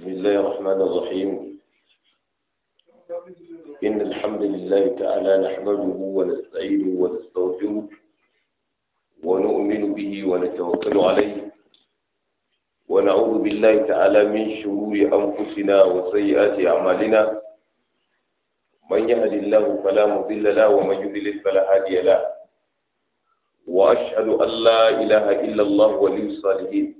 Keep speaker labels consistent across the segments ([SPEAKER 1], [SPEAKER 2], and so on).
[SPEAKER 1] بسم الله الرحمن الرحيم إن الحمد لله تعالى نحمده ونستعينه ونستغفره ونؤمن به ونتوكل عليه ونعوذ بالله تعالى من شرور أنفسنا وسيئات أعمالنا من يهد الله فلا مضل له ومن يضلل فلا هادي له وأشهد أن لا إله إلا الله ولي الصالحين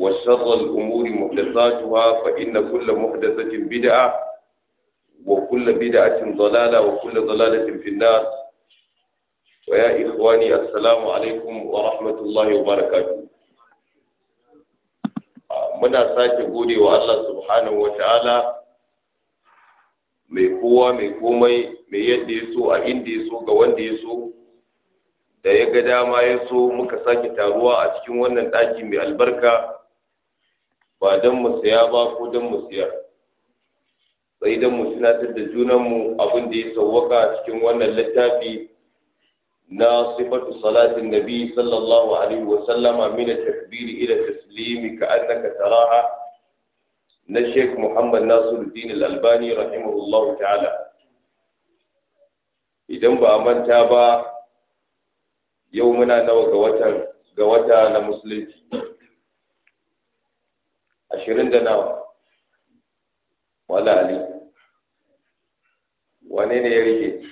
[SPEAKER 1] وشر الأمور محدثاتها فإن كل محدثة بدعة وكل بدعة ضلالة وكل ضلالة في النار ويا إخواني السلام عليكم ورحمة الله وبركاته muna sake قولي والله سبحانه وتعالى mai kowa mai komai mai yadda ya so a inda ya so ga wanda ya so da ya ga dama ya so muka sake taruwa a cikin wannan ɗaki mai albarka ba don mu saya ba ko don mu siyar sai don mu tunatar da junanmu abin da ya sauwaka cikin wannan littafi na sifatu salatin nabi sallallahu alaihi wa sallama min takbiri ila taslimi ka annaka taraha na Sheikh Muhammad Nasiruddin Al-Albani rahimahullahu ta'ala idan ba manta ba yau muna nawa ga ga wata na musulunci ashirin da nawa wala ali wane ne ya rike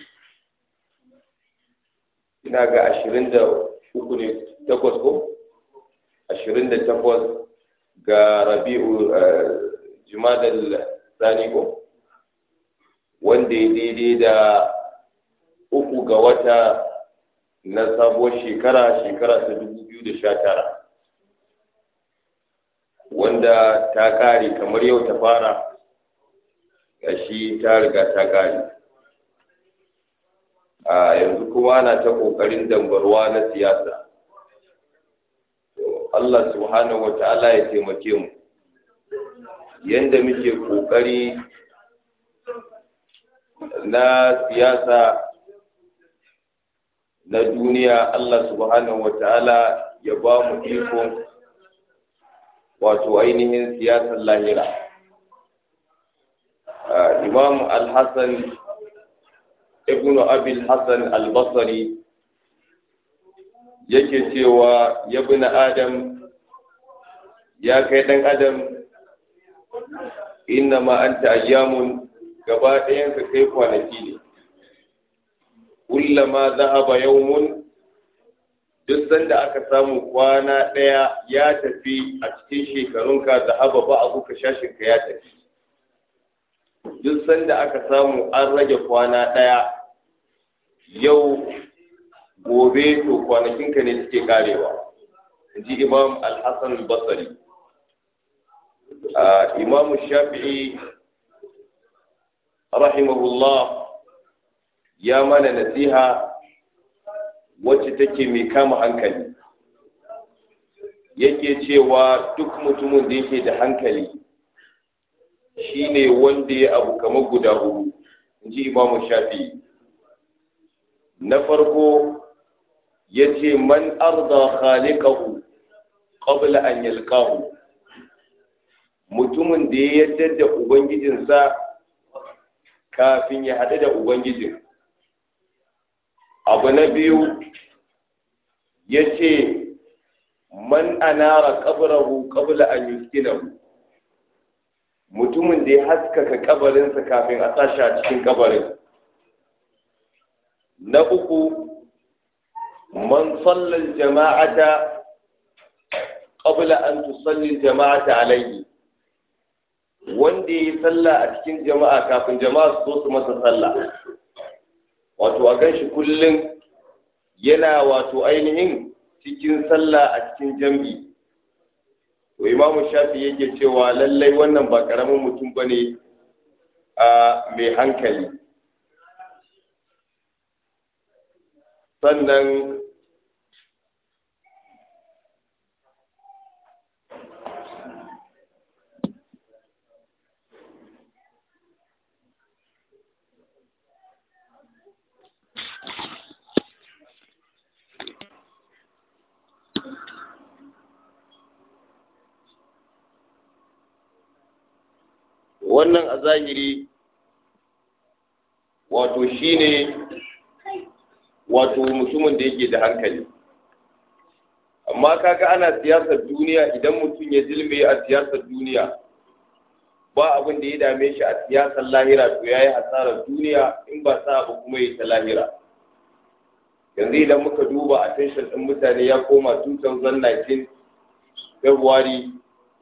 [SPEAKER 1] ina ga ashirin da uku ne takwas ko ashirin da takwas ga rabi'u eh, jumadal sani ko wanda ya daidai da uku ga wata na sabuwar shekara shekara ta dubu biyu da sha tara wanda ta ƙare kamar yau ta fara shi ta riga ta ƙare. a yanzu kuma na ta ƙoƙarin dambarwa na siyasa Allah subhanahu wa ta'ala ya taimake mu yanda muke ƙoƙari na siyasa na duniya Allah subhanahu wa ta'ala ya ba mu ikon wato ainihin siyasar lahira imam al-hassan ibn abil hassan al-basri yake cewa ya adam ya kai dan adam inna ma anta ayyamun gaba ɗayan ka kai kwanaki ne kullama zahaba yawmun duk sanda aka samu kwana ɗaya ya tafi a cikin shekarunka da haba ba abu ka shashinka ya tafi duk sanda aka samu an rage kwana ɗaya yau gobe to kwanakinka ne suke karewa ji imam al-hassan basari ah, imamu shafi'i rahimahullah ya mana nasiha wacce take mai kama hankali yake cewa duk mutumin da yake da hankali shine wanda ya abu kamar guda hudu ji imamu shafi na farko ya ce man arda khaliqahu qabla an yalqahu mutumin da ya yadda da ubangijinsa kafin ya haɗu da ubangijin abu na biyu ya ce man anara kabarahu kabla an yuskinahu mutumin da ya haskaka kabarinsa kafin a sashi a cikin kabarin na uku man sallar jama'ata kabula an jama'a jama'ata alayhi wanda ya yi sallah a cikin jama'a kafin jama'a su zo su masa sallah wato a shi kullum yana wato ainihin cikin sallah a cikin jam'i to imamu shafi yake cewa lallai wannan ba karamin mutum bane a mai hankali sannan wannan a zahiri wato shine wato mutumin da yake da hankali amma kaga ana siyasar duniya idan mutum ya zilme a siyasar duniya ba abin da ya dame shi a siyasar lahira to ya yi hasarar duniya in ba sa abu kuma ya ta lahira yanzu idan muka duba a tashar ɗin mutane ya koma 2019 february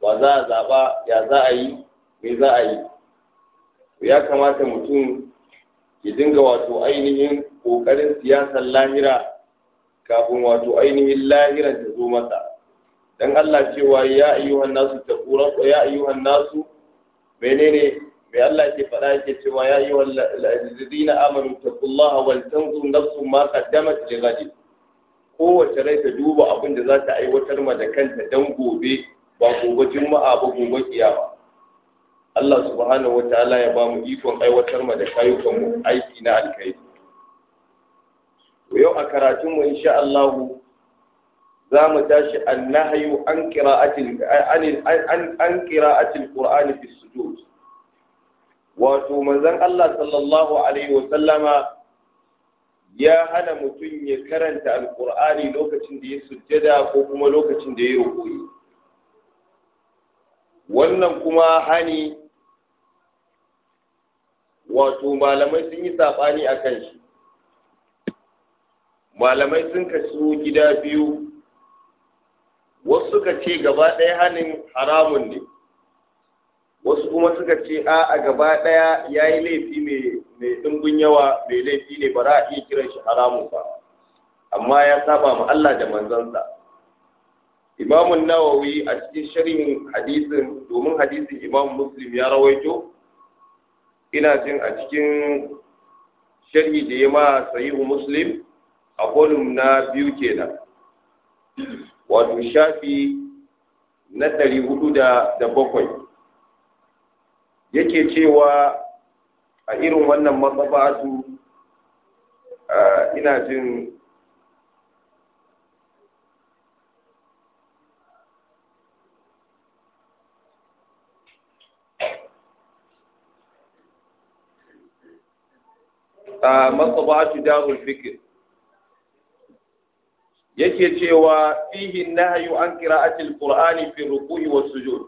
[SPEAKER 1] ba za a zaɓa ya za a yi me za a yi ya kamata mutum ya dinga wato ainihin ƙoƙarin siyasar lahira kafin wato ainihin lahira ta zo masa dan Allah cewa ya ayyuhan nasu ta taqura ya ayyuhan nasu menene mai Allah ke faɗa yake cewa ya ayyuhal ladina amanu taqullaha wal tanzu nafsu ma qaddamat li ghadin kowace rai ta duba abin da za ta aiwatar ma da kanta dan gobe ba gobe juma'a ba gobe kiyama Allah subhanahu wataala ya ba mu ikon aiwatar mu da kayukan mu aiki na alkhairi yau a karatun mu insha Allah za mu tashi annahyu an qira'atil an an qira'atil qur'ani fi sujud wato manzon Allah sallallahu alaihi wa sallama ya hana mutum ya karanta Alƙur'ani lokacin da ya sujjada ko kuma lokacin da ya yi wannan kuma hani wato malamai sun yi saɓani a kan shi malamai sun kasu gida biyu wasu suka ce gaba ɗaya hannun haramun ne wasu kuma suka ce a a gaba ɗaya ya yi laifi mai ɗimbin yawa mai laifi ne ba za a iya kiran shi haramun ba amma ya saba ma Allah da manzansa imamun nawawi a cikin shirin hadisin domin hadisin Imamu muslim ya rawaito ina jin a cikin sharhi da ya ma sahihu muslim a kolum na biyu kenan wato shafi na ɗari hudu da bakwai yake cewa a irin wannan matsabatu ina jin matsabatu darul fikr yake cewa fihi nahyu an qira'ati alqur'ani fi ruku'i was sujud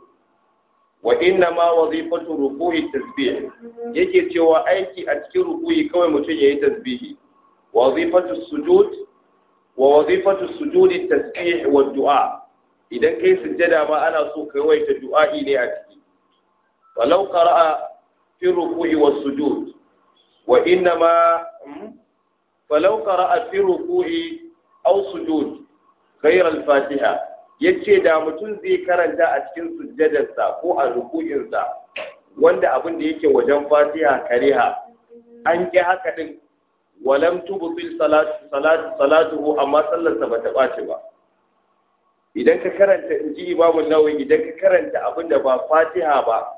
[SPEAKER 1] wa inna ma wazifatu ruku'i tasbih yake cewa aiki a cikin ruku'i kawai mutum yayi tasbihi wazifatu sujud wa wazifatu sujudi tasbih wa du'a idan kai sujjada ma ana so kai waita du'a'i ne a ciki walau qara'a fi ruku'i was sujud wa inna ma hmm, falau qara'at fi ruku'i aw sujud fatiha yace da mutum zai karanta a cikin sujjadarsa ko a ruku'insa wanda abin da yake wajen fatiha kariha an ƙi haka din walam tubtil salatu salatu amma sallarsa bata ɓaci ba idan ka karanta inji imamu nawawi idan ka karanta abin da ba fatiha ba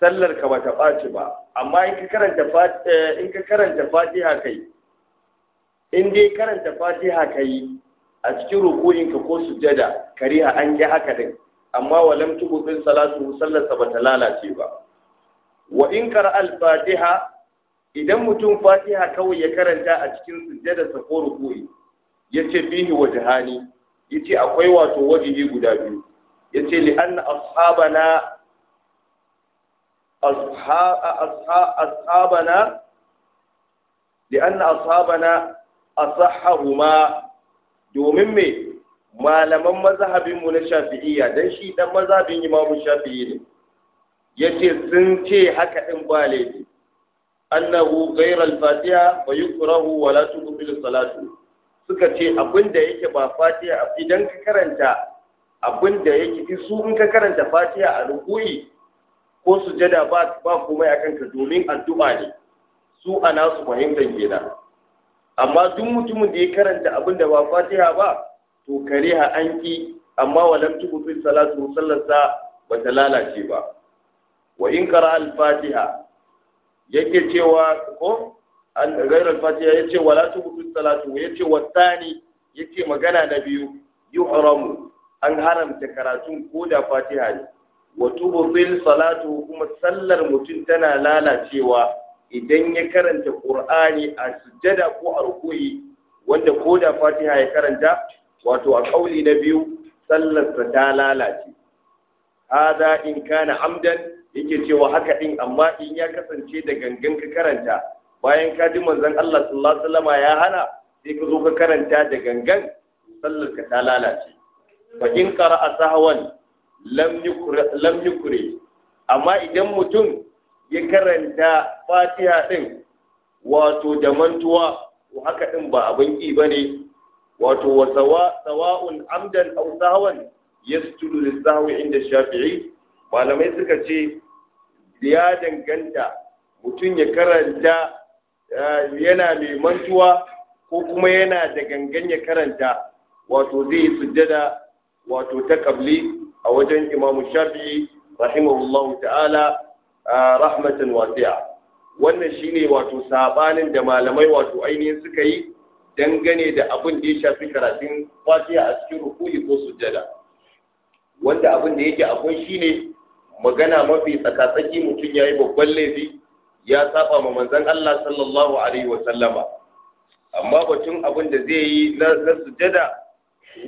[SPEAKER 1] sallar ka bata ɓaci ba amma in ka karanta eh, fatiha ka karanta kai in dai karanta fatiha kai a cikin ruku'in ka ko sujjada kariha an ki haka din amma walam tubu bin salatu sallar sa ta lalace ba wa in kar al fatiha idan mutum fatiha kawai ya karanta a cikin sujjada sa ko ruku'i yace bihi wajhani yace akwai wato wajibi guda biyu yace li anna ashabana أصحابنا لأن domin me malaman mazhabinmu na shafi'iyya dan shi dan mazhabin imamu shafi'i ne yace sun ce haka din ba laifi annahu ghayral fatiha wa yukrahu salatu suka ce abinda yake ba fatiha idan ka karanta abinda yake su in ka karanta fatiha a rukuyi ko sujada ba ba komai akan ka domin addu'a ne su a nasu fahimtar kenan amma duk mutumin da ya karanta abin da ba fatiha ba to kare an ki amma walam tubutul salatu sallarsa ba ta lalace ba wa in kara al fatiha yake cewa ko an gairar fatiha yace wala tubutul salatu yace wasani yace magana na biyu yuhramu an haramta karatun ko da fatiha ne wa bil salatu kuma sallar mutum tana lalacewa idan ya karanta Qur'ani a sujjada ko a rukuyi wanda ko da Fatiha ya karanta wato a kauli na biyu sallar ta lalace hada in kana amdan yake cewa haka din amma in ya kasance da gangan ka karanta bayan ka ji manzon Allah sallallahu alaihi wasallama ya hana sai ka zo ka karanta da gangan sallar ka ta lalace fa in qara'a sahwan lam yukure amma idan mutum ya karanta fatiha din wato da mantuwa to haka din ba abin ki bane wato wa sawa'un amdan aw sahwan yastulu lisahwi inda shafi'i malamai suka ce ya danganta mutum ya karanta eh, yana mai mantuwa ko kuma yana da gangan ya karanta wato zai sujjada wato ta kabli a wajen imamu shafi rahimahullahu ta'ala rahmatin wasiya wannan shine wato sabanin da malamai wato ainihin suka yi dangane da abin da ya shafi karatun fatiha a cikin rukuni ko sujjada wanda abin da yake akwai shine magana mafi tsakatsaki mutum ya yi babban laifi ya saba ma manzon Allah sallallahu alaihi wa sallama amma batun abin da zai yi na sujjada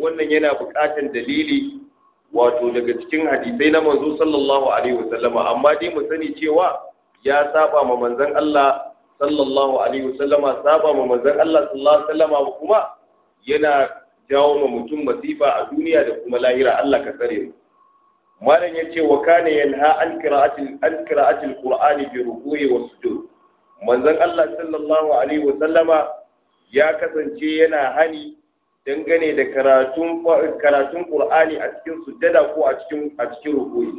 [SPEAKER 1] wannan yana buƙatar dalili wato daga cikin hadisai na manzo sallallahu alaihi wasallama amma dai mu sani cewa ya saba ma manzon Allah sallallahu alaihi wasallama saba ma manzon Allah sallallahu alaihi wasallama kuma yana jawo ma mutum masifa a duniya da kuma lahira Allah ka tsare mu malam yace wa kana yanha an qira'atil an qira'atil qur'ani bi ruku'i wa sujud manzon Allah sallallahu alaihi wasallama ya kasance yana hani dangane da karatun karatun Qur'ani a cikin sujjada ko a cikin a cikin rukuyi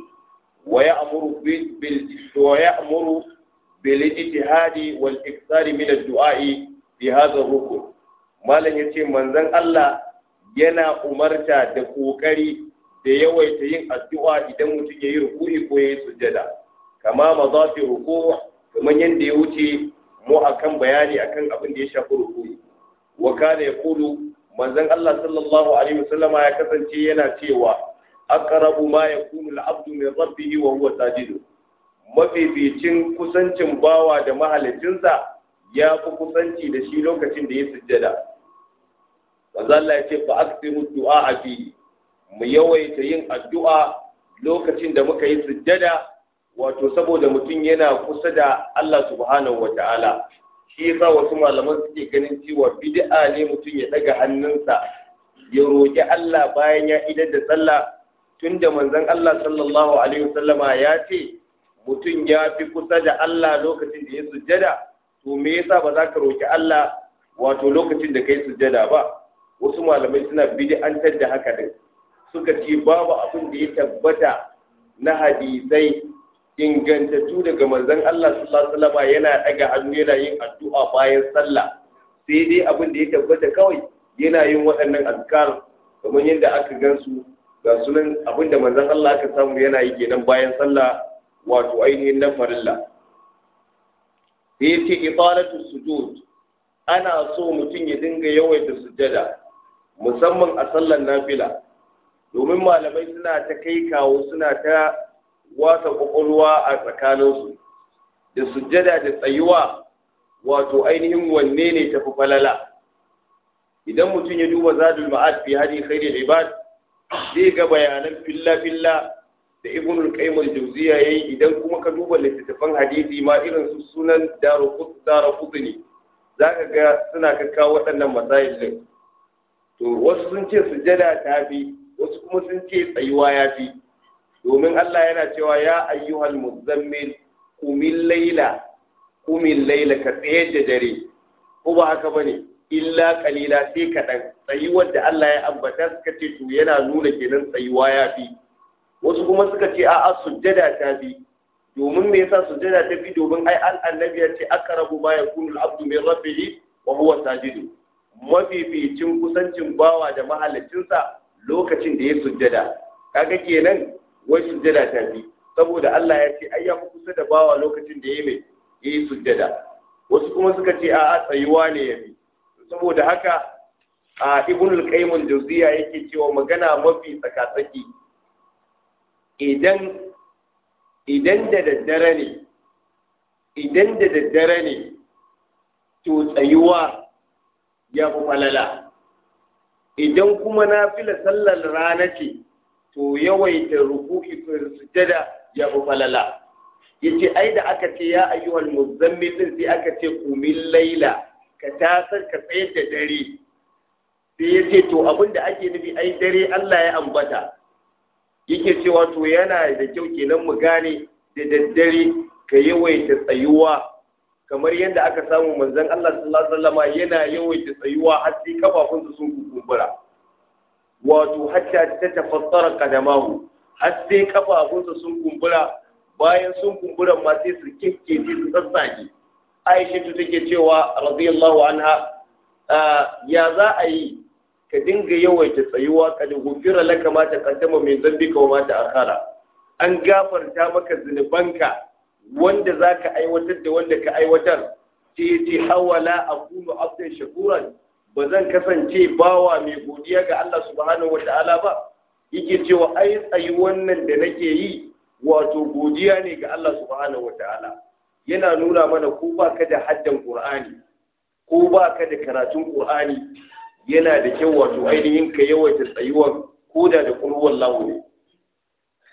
[SPEAKER 1] wa ya'muru bil wa ya'muru bil ijtihadi wal iktsari min ad duai bi hadha rukun malam yace manzon Allah yana umarta da kokari da yawaita yin addu'a idan mutum yayi rukuyi ko yayi sujjada kama mazafi rukuu kamar yadda ya wuce mu akan bayani akan abin da ya shafi rukuyi wa kana yaqulu manzon Allah sallallahu alaihi wasallam ya kasance yana cewa aqrabu ma yakunu al-abdu min rabbih wa huwa sajid mafificin kusancin bawa da mahalicinsa ya fi kusanci da shi lokacin da ya sujjada manzon Allah ya ce fa aksimu du'a fi mu yawaita yin addu'a lokacin da muka yi sujjada wato saboda mutum yana kusa da Allah subhanahu wata'ala shi yasa wasu malaman suke ganin cewa bid'a ne mutum ya daga hannunsa ya roƙi Allah bayan ya idar da sallah tunda manzon Allah sallallahu alaihi wasallama ya ce mutum ya fi kusa da Allah lokacin da ya sujjada to me yasa ba za ka roƙi Allah wato lokacin da kai sujjada ba wasu malamai suna bid'antar da haka din suka ce babu abin da ya tabbata na hadisai ingantattu daga manzon Allah sallallahu alaihi wasallam yana daga hannu yana yin addu'a bayan sallah sai dai abin da ya tabbata kawai yana yin waɗannan azkar kamar yadda aka gansu ga sunan abin da manzon Allah aka samu yana yi kenan bayan sallah wato ainihin na farilla sai yake ibalatu sujud ana so mutum ya dinga yawaita sujada, musamman a sallar nafila domin malamai suna ta kai kawo suna ta wata kwakwalwa a tsakaninsu da sujjada da tsayuwa wato ainihin wanne ne tafi falala idan mutum ya duba zadul ma'ad fi hadi khairul ibad zai ga bayanan filla filla da ibnu al-qayyim al-jawziya yayi idan kuma ka duba littattafan hadisi ma irin su sunan daruqutni zaka ga suna kaka waɗannan masail din to wasu sun ce sujjada ta fi wasu kuma sun ce tsayuwa ya fi domin Allah yana cewa ya ayyuhal muzammil kumin laila kumin laila ka tsaye da dare ko ba haka bane illa kalila sai kaɗan tsayuwar da Allah ya ambata suka ce to yana nuna kenan tsayuwa ya fi wasu kuma suka ce a'a sujjada ta fi domin me yasa sujjada ta fi domin ai an annabi ya ce akrabu ma yakunu al-abdu min rabbihi wa huwa sajid mafificin kusancin bawa da mahallicinsa lokacin da ya sujjada kaga kenan wai sujjada ta bi saboda Allah ya ce ai ya kusa da bawa lokacin da yayi mai yayi sujjada wasu kuma suka ce a tsayuwa ne ya bi saboda haka a ibn al-qayyim al-jawziya yake cewa magana mafi tsakatsaki idan idan da daddare ne idan da daddare ne to tsayuwa ya fi falala idan kuma na fila sallar rana ce to yawaita ruku'i sujada ya fi falala yace ai da aka ce ya ayyuhal muzammil din sai aka ce kumil laila ka tasar ka tsayar da dare sai yace to abun da ake nufi ai dare Allah ya ambata yake cewa to yana da kyau kenan mu gane da daddare ka yawaita tsayuwa kamar yadda aka samu manzon Allah sallallahu alaihi wasallam yana yawaita tsayuwa har sai kafafunsa sun kumbura. wato hatta ta tafassara kadamahu har sai kafafunsa sun kumbura bayan sun kumbura ma sai su ji su sassage Aisha ta take cewa radiyallahu anha ah, ya za a yi ka dinga yawaita tsayuwa ka da gufira laka ma ta kaddama mai zambi ka ma ta akara an gafarta maka zunubanka wanda za ka aiwatar da wanda ka aiwatar ce ce hawala a abdan shakuran ba zan kasance bawa mai godiya ga Allah subhanahu wa ta'ala ba yake cewa ai tsayi wannan da nake yi wato godiya ne ga Allah subhanahu wa ta'ala yana nuna mana ko ba ka da haddan Qur'ani ko ba ka da karatun Qur'ani yana da kyau wato ainihin ka yawaita tsayuwar ko da kul huwallahu ne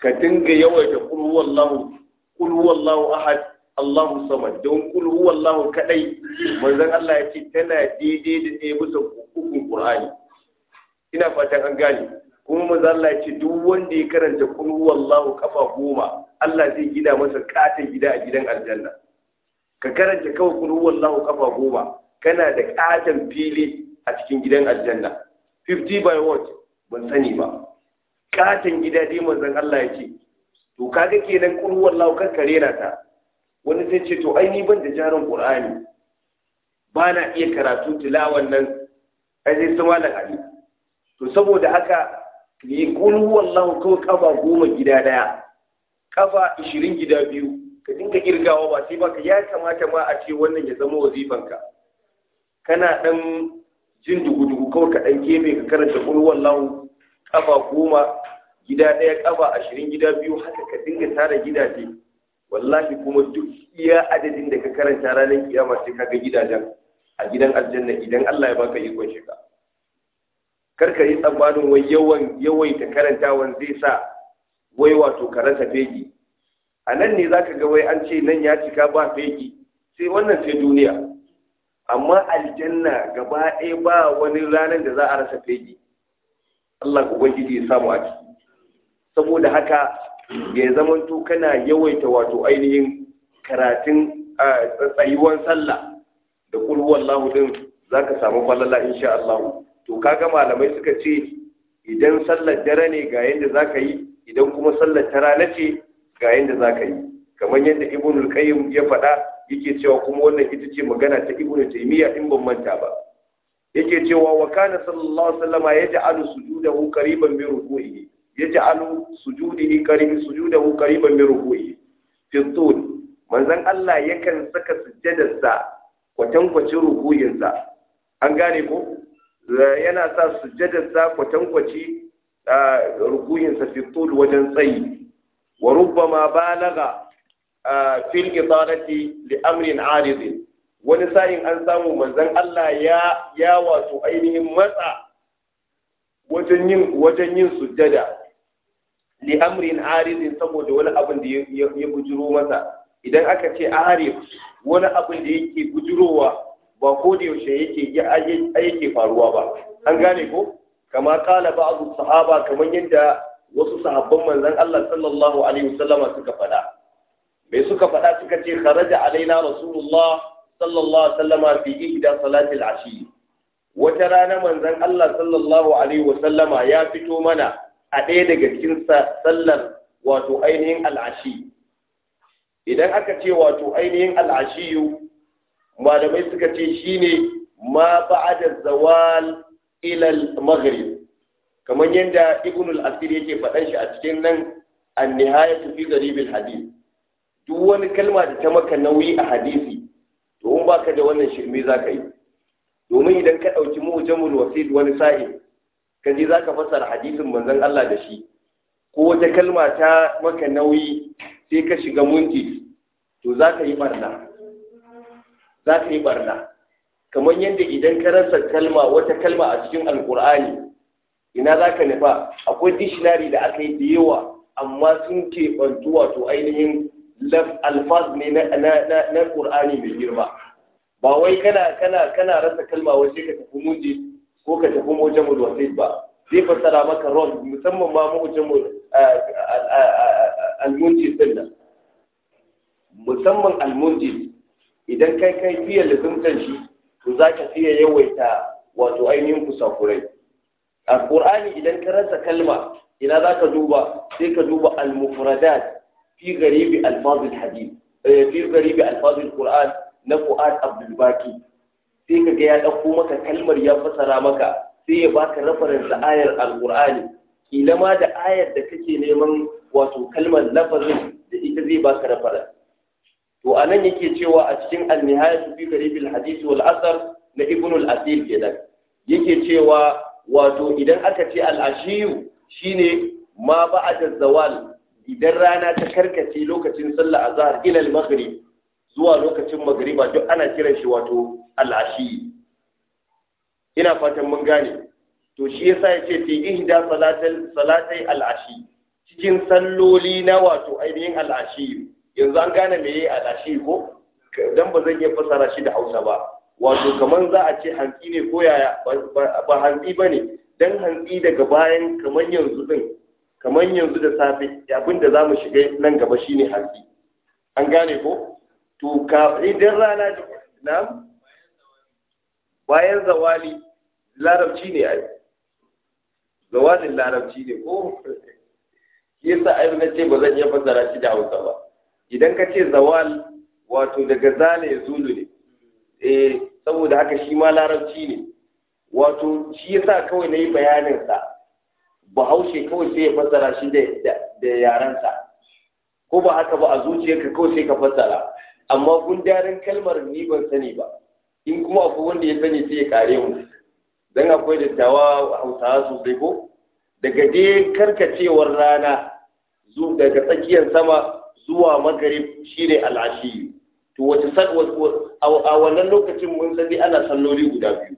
[SPEAKER 1] ka dinga yawaita kul lahu lahu ahad Allahu sama don kul huwa Allahu kadai manzon Allah ya ce tana daidai da ɗaya bisa hukun Qur'ani ina fatan an gane kuma manzon Allah ya ce duk wanda ya karanta kul huwa Allahu kafa goma Allah zai gida masa katin gida a gidan aljanna ka karanta kawai kul huwa Allahu kafa goma kana da katin fili a cikin gidan aljanna 50 by what ban sani ba katin gida dai manzon Allah ya ce to kaga kenan kul huwa Allahu ka na ta wani zai ce to ai ni ban da jarin qur'ani ba na iya karatu tilawan nan ai zai sama da ali to saboda haka ni kun wallahu ko kafa goma gida daya kafa 20 gida biyu ka dinga kirgawa ba sai baka ya kamata ma a ce wannan ya zama wazifanka kana dan jin dugu-dugu kawai ka dan kebe ka karanta kun wallahu kafa goma gida daya kafa ashirin gida biyu haka ka dinga tara gidaje wallahi kuma duk iya adadin da ka karanta ranar kiyama sai ka ga gidajen a gidan aljanna idan Allah ya baka ikon shiga kar ka yi tsammanin wai yawan yawaita karantawan zai sa wai wato karanta fegi a nan ne zaka ga wai an ce nan ya cika ba fegi sai wannan sai duniya amma aljanna gaba ɗaya ba wani ranar da za a rasa fegi Allah ubangiji ya samu a ciki saboda haka ya zamanto kana yawaita wato ainihin karatun tsayuwan sallah da kul lahudin za ka samu falala insha Allah to kaga malamai suka ce idan sallar dare ne ga yadda za ka yi idan kuma sallar tara na ce ga yadda za ka yi kamar yadda ibnul qayyim ya faɗa yake cewa kuma wannan ita ce magana ta ibnu taymiya in ban manta ba yake cewa wa kana sallallahu alaihi wasallama yaj'alu sujudahu qariban min ruku'ihi yaj'alu sujudihi qarib sujudahu qariban min ruku'i fi tul Allah yakan saka sujjadarsa kwatankwacin ruku'insa an gane ko eh, yana sa sujjadarsa kwatankwaci ruku'insa fi tul wajen tsayi wa rubbama balaga fil idarati li amrin arid wani sa'in an samu manzan Allah ya ya wato ainihin matsa wajen yin wajen yin sujjada li amrin aridin saboda wani abin da ya bujuro masa idan aka ce arif wani abin da yake bujurowa ba ko da yaushe yake yake faruwa ba an gane ko kama kala ba'dhu sahaba kamar yadda wasu sahabban manzon Allah sallallahu alaihi wasallama suka faɗa bai suka faɗa suka ce kharaja alaina rasulullah sallallahu alaihi wasallama fi ihda salatil ashi wata rana manzon Allah sallallahu alaihi wasallama ya fito mana a ɗaya daga cikin sallar wato ainihin al'ashi idan aka ce wato ainihin al'ashiyu malamai suka ce shine ma ba'da zawal ilal maghrib kamar yadda ibn al-asir yake faɗan shi a cikin nan an-nihayatu fi gharib al duk wani kalma da ta maka nauyi a hadisi to in baka da wannan shirme ka yi domin idan ka dauki mu'jamul wasil wani sa'in ka je za ka fassara hadisin manzon Allah da shi ko wata kalma ta maka nauyi sai ka shiga munji to za ka yi barna za ka yi barna kamar yadda idan ka rasa kalma wata kalma a cikin alkur'ani ina za ka nufa akwai dictionary da aka yi da yawa amma sun bantu wato ainihin alfaz ne na ƙur'ani mai girma ba wai kana kana kana rasa kalma wai sai ka tafi munji? ko ka tafi mu da ba zai fassara maka ron musamman ma mujamul almunjid din nan musamman almunjid idan kai kai fiye lizimtan shi to za ka fiye yawaita wato ainihin kusakurai a ƙur'ani idan ka rasa kalma ina za ka duba sai ka duba al-mufradat fi garibi alfazul hadith eh, fi garibi alfazul qur'an na fu'ad abdul baki sai ka ga ya ɗauko maka kalmar ya fasara maka sai ya baka reference ayar Al'ƙur'ani, kila ma da ayar da kake neman wato kalmar lafazin da ita zai baka reference to anan yake cewa a cikin al-nihayatu fi qaribil hadith wal asar na ibn al-asil kenan yake cewa wato idan aka ce al-ashiyu shine ma ba'da zawal idan rana ta karkace lokacin sallah azhar ila al-maghrib zuwa lokacin magriba duk ana kiran shi wato al'ashi ina fatan mun gane to shi yasa ya ce fi ihda salatal salatai al'ashi cikin salloli na wato ainihin al'ashi yanzu an gane me yayi al'ashi ko dan ba zan iya fasara shi da Hausa ba wato kamar za a ce hantsi ne ko yaya ba hantsi ne dan hantsi daga bayan kamar yanzu din kamar yanzu da safe abin da zamu shiga nan gaba shine hantsi an gane ko to ka idan rana na bayan zawali larabci ne ai zawalin larabci ne ko yasa ai na ce ba zan iya fassara shi da Hausa ba idan ka ce zawal wato daga zala ya zulu ne eh saboda haka shi ma larabci ne wato shi yasa kawai na yi bayanin sa bahaushe kawai sai ya fassara shi da yarensa ko ba haka ba a zuciyarka kawai sai ka fassara amma gundarin kalmar ni ban sani ba in kuma abu wanda ya sani sai ya kare mu dan akwai dattawa hausawa sosai ko daga dai karkacewar rana daga tsakiyar sama zuwa magarib shine al'ashi to wace a wannan lokacin mun sani ana salloli guda biyu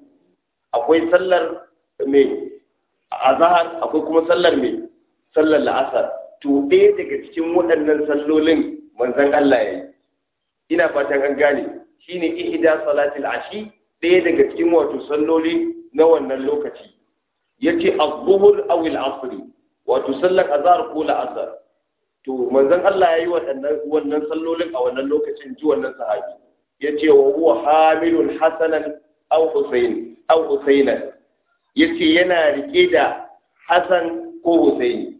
[SPEAKER 1] akwai sallar mai azhar akwai kuma sallar mai sallar la'asar to ɗaya daga cikin waɗannan sallolin manzon Allah ya ina fatan an gane shine ihda salatil ashi ɗaya daga cikin wato salloli na wannan lokaci yace az-zuhr aw al-asr wato sallar azhar ko la'asar to manzon Allah yayi waɗannan wannan sallolin a wannan lokacin ji wannan sahabi yace wa huwa hamilun hasanan aw husayn aw husaynan yace yana rike da hasan ko husayn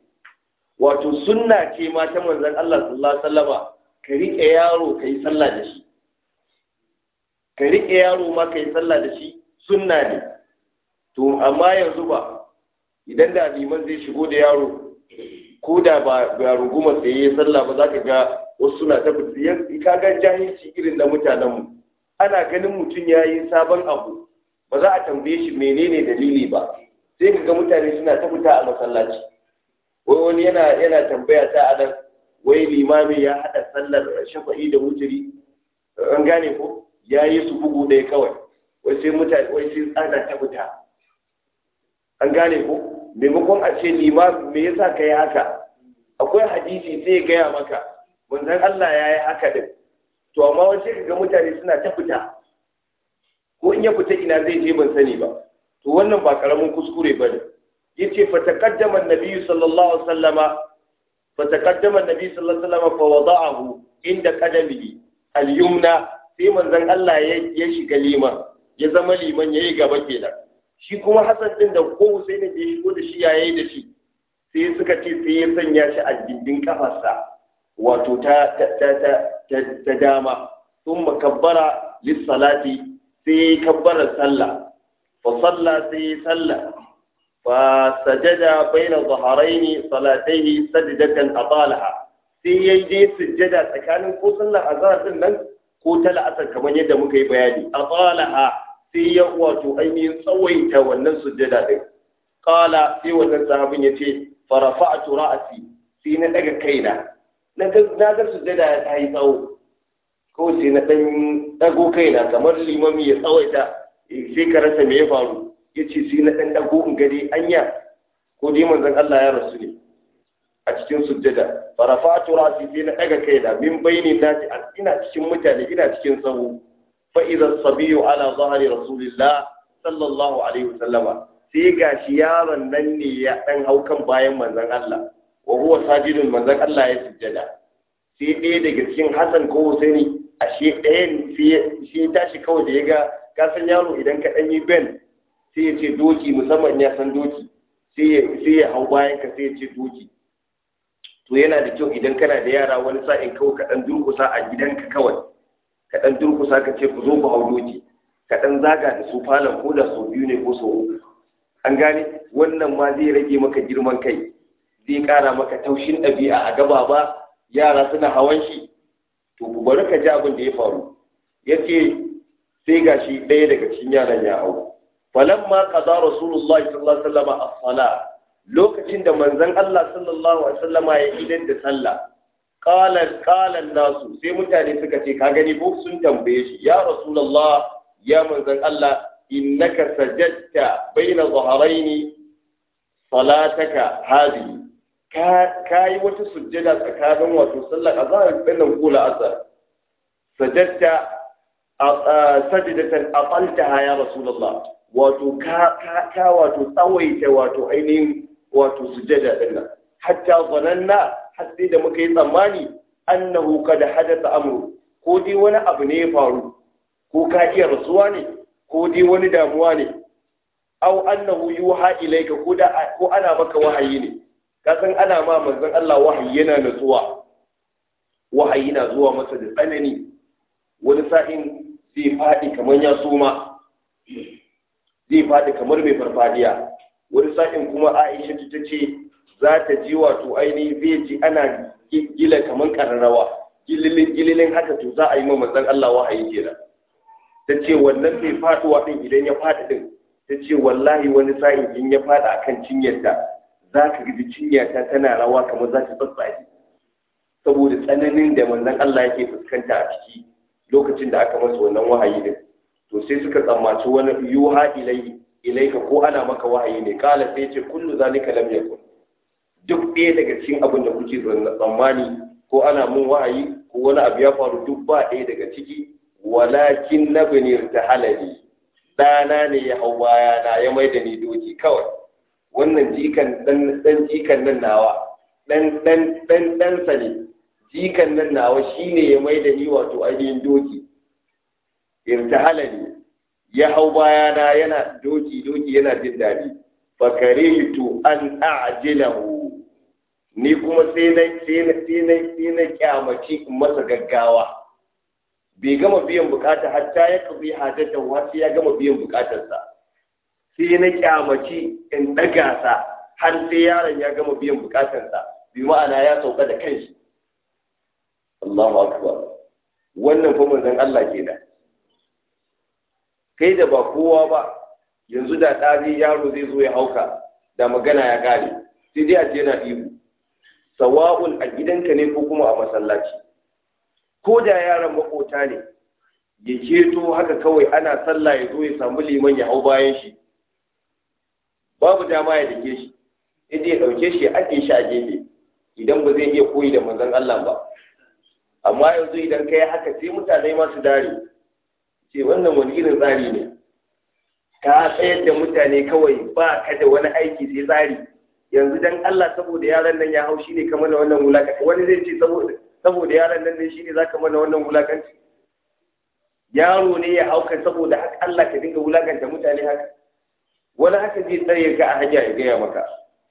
[SPEAKER 1] wato sunna ce ma ta manzon Allah sallallahu alaihi wasallama ka rike yaro kai sallah da shi ka riƙe yaro ma ka yi sallah da shi sunna ne to amma yanzu ba idan da liman zai shigo da yaro ko da ba ba ruguma yayi sallah ba za ka ga wasu suna ta fitiyar ka ga jahilci irin na mutanenmu ana ganin mutum ya yi sabon abu ba za a tambaye shi menene dalili ba sai ka ga mutane suna ta fita a masallaci wai wani yana yana tambaya ta alan wai limami ya haɗa sallar shafa'i da wuturi an gane ko ya yi su bugu ɗaya kawai wai sai mutane wai sai tsada ta fita an gane ko maimakon a ce nima me yasa ka yi haka akwai hadisi sai ya gaya maka Wanzan Allah ya yi haka din to amma wai sai ga mutane suna ta fita ko in ya fita ina zai je ban sani ba to wannan ba karamin kuskure ba ne yace fa taqaddama an-nabi sallallahu alaihi wasallama fa taqaddama an-nabi sallallahu alaihi wasallama fa wada'ahu inda qadamihi al-yumna sai manzon Allah ya shiga liman ya zama liman yayi gaba kenan shi kuma Hassan din da ko Hussein da ya shigo da shi yi da shi sai suka ce sai ya sanya shi a gindin kafarsa wato ta ta ta ta dama sun makabbara lissalati sai kabbara sallah fa salla sai sallah fa sajada baina dhaharaini salataihi sajdatan atalaha sai yayi dai sujjada tsakanin ko sallar azhar din nan ko ta la'asar kamar yadda muka yi bayani a tsalaha sai ya wato ainihin tsawaita wannan sujjada din qala sai wannan sahabin yace farafa'tu ra'si sai na daga kaina na ga na ga sujjada ta yi tsawo ko sai na dan dago kaina kamar limami ya tsawaita eh, sai ka rasa me ya faru yace sai na dan dago in gade anya ko dai manzon Allah ya rasu ne cikin sujjada farafatu rasi na daga kaina min baini nasi ina cikin mutane ina cikin sahu fa idza sabiyu ala zahri rasulillah sallallahu alaihi wasallama sai gashi yaron nan ne ya dan hau kan bayan manzon Allah wa huwa sajidun manzon Allah ya sujjada sai ɗaya daga cikin Hassan ko Husaini ashe ɗayan sai ya tashi kawai da ya ga kasan yaro idan ka ɗan yi ben sai ya ce doki musamman ya san doki sai ya hau bayan ka sai ya ce doki to yana da kyau idan kana da yara wani sa'in kawai ka ɗan durkusa a gidanka kawai ka durkusa ka ce ku zo ku hau doki ka zaga da su falon ko da sau biyu ne ko sau uku an gane wannan ma zai rage maka girman kai zai ƙara maka taushin ɗabi'a a gaba ba yara suna hawan shi to ku bari ka ji abin da ya faru ya ce sai ga shi ɗaya daga cikin yaran ya hau falamma kaza rasulullahi sallallahu alaihi wasallam as-salat lokacin da manzon Allah sallallahu alaihi wasallama ya idan da sallah qala qala nasu sai mutane suka ce ka gani ko sun tambaye shi ya rasulullah ya manzon Allah innaka sajadta baina dhahraini salataka hadhihi ka yi wata sujjada tsakanin wato sallar azhar da nan kula azhar sajadta sajidatan aqaltaha ya rasulullah wato ka ka wato tsawaita wato ainihin wato sujada din nan hatta zananna har sai da muka yi tsammani annahu kad hadatha amru ko dai wani abu ne ya faru ko ka iya rasuwa ne ko dai wani damuwa ne aw annahu yuha ilayka ko da ko ana maka wahayi ne ka san ana ma manzon Allah wahayi yana nutsuwa wahayi na zuwa masa da tsanani wani sa'in zai faɗi kamar ya suma zai faɗi kamar mai farfadiya wani sa'in kuma aisha ta ce za ta ji wato ainihin zai ji ana gila kamar ƙararrawa, gililin gililin haka to za a yi manzon Allah wahayi kenan ta ce wannan mai faduwa waɗin idan ya faɗi ɗin. ta ce wallahi wani sa'in in ya fada akan cinyarta za ka gidi cinyata tana rawa kamar za ta tsatsaye saboda tsananin da wannan Allah yake fuskanta a ciki lokacin da aka masa wannan wahayi din to sai suka tsammaci wani yuha ilayhi ilaika ko ana maka wahayi ne kala sai ce kullu zalika lam yakun duk ɗaya daga cikin abin da kuke tsammani ko ana mun wahayi ko wani abu ya faru duk ba ɗaya daga ciki walakin nabnir halali dana ne ya hau bayana ya mai da ni doki kawai wannan jikan dan jikan nan nawa dan dan ɗansa ne jikan nan nawa shine ya mai da ni wato ainihin doki irtahala ya hau bayana yana doki doki yana jin daɗi fakaritu an a'jilahu ni kuma sai na sai na sai na kyamaci masa gaggawa bai gama biyan bukata hatta ya kafi hajjata wasu ya gama biyan bukatarsa sai na kyamaci in daga sa har sai yaron ya gama biyan bukatarsa bi ma'ana ya sauka da kanshi Allahu akbar wannan fa manzon Allah kenan kai da ba kowa ba yanzu da ɗari yaro zai zo ya hauka da magana ya kare sai dai a ce na ihu sawa'un a gidanka ne ko kuma a masallaci ko da yaran makota ne ya keto haka kawai ana sallah ya zo ya samu liman ya hau bayan shi babu dama ya dake shi idan ya ɗauke shi ake shi a gefe idan ba zai iya koyi da manzon Allah ba amma yanzu idan kai haka sai mutane masu su dare ce wannan wani irin tsari ne ka tsayar da mutane kawai ba ka da wani aiki sai tsari yanzu dan Allah saboda yaran nan ya hau shine kamar da wannan wulakanci wani zai ce saboda saboda yaran nan ne shine ka mana wannan wulakanci yaro ne ya hauka saboda haka Allah ka dinga wulakanta mutane haka wani haka zai tsaye ka a hanya ya gaya maka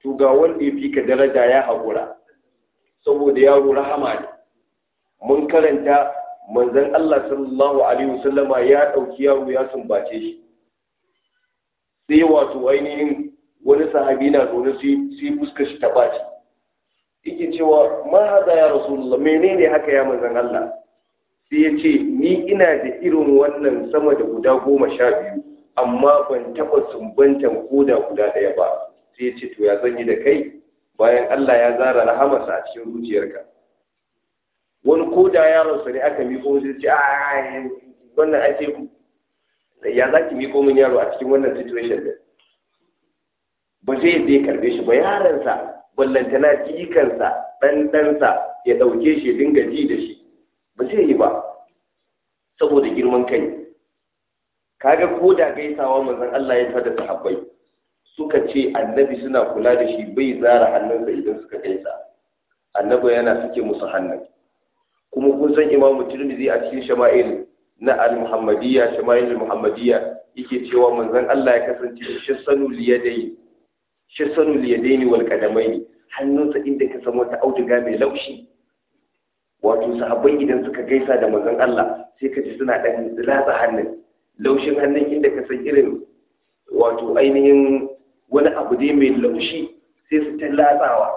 [SPEAKER 1] to ga wanda ya fi ka daraja ya haƙura saboda yaro rahama ne mun karanta Manzan Allah sallallahu alaihi wasallama ya ɗauki yaro ya sumbace shi sai wato ainihin wani sahabi na zaune sai fuska shi ta baci yake cewa ma haza ya rasulullah menene haka ya manzan Allah sai ya ce ni ina da irin wannan sama da guda goma sha biyu amma ban taɓa sumbantan koda guda ɗaya ba sai ya ce to ya zanyi da kai bayan Allah ya zara rahamarsa a cikin zuciyarka wani ko da yaronsa ne aka miko zai ce a wannan ake ce ya za ki miko min yaro a cikin wannan situation din ba zai yadda ya karbe shi ba yaronsa ballantana dan ɗanɗansa ya ɗauke shi dinga ji da shi ba zai yi ba saboda girman kai kaga ko da gaisawa manzon Allah ya fada sahabbai suka ce annabi suna kula da shi bai zara hannunsa idan suka gaisa annabi yana suke musu hannun kuma kun san imamu tirmidhi a cikin shama'il na al-muhammadiyya shama'il al-muhammadiyya yake cewa manzon Allah ya kasance sanu liyadai sanu liyadaini wal qadamaini hannunsa inda ka samu ta auduga mai laushi wato sahabban idan suka gaisa da manzon Allah sai ka ji suna dan latsa hannun laushin hannun inda ka san irin wato ainihin wani abu dai mai laushi sai su ta latsawa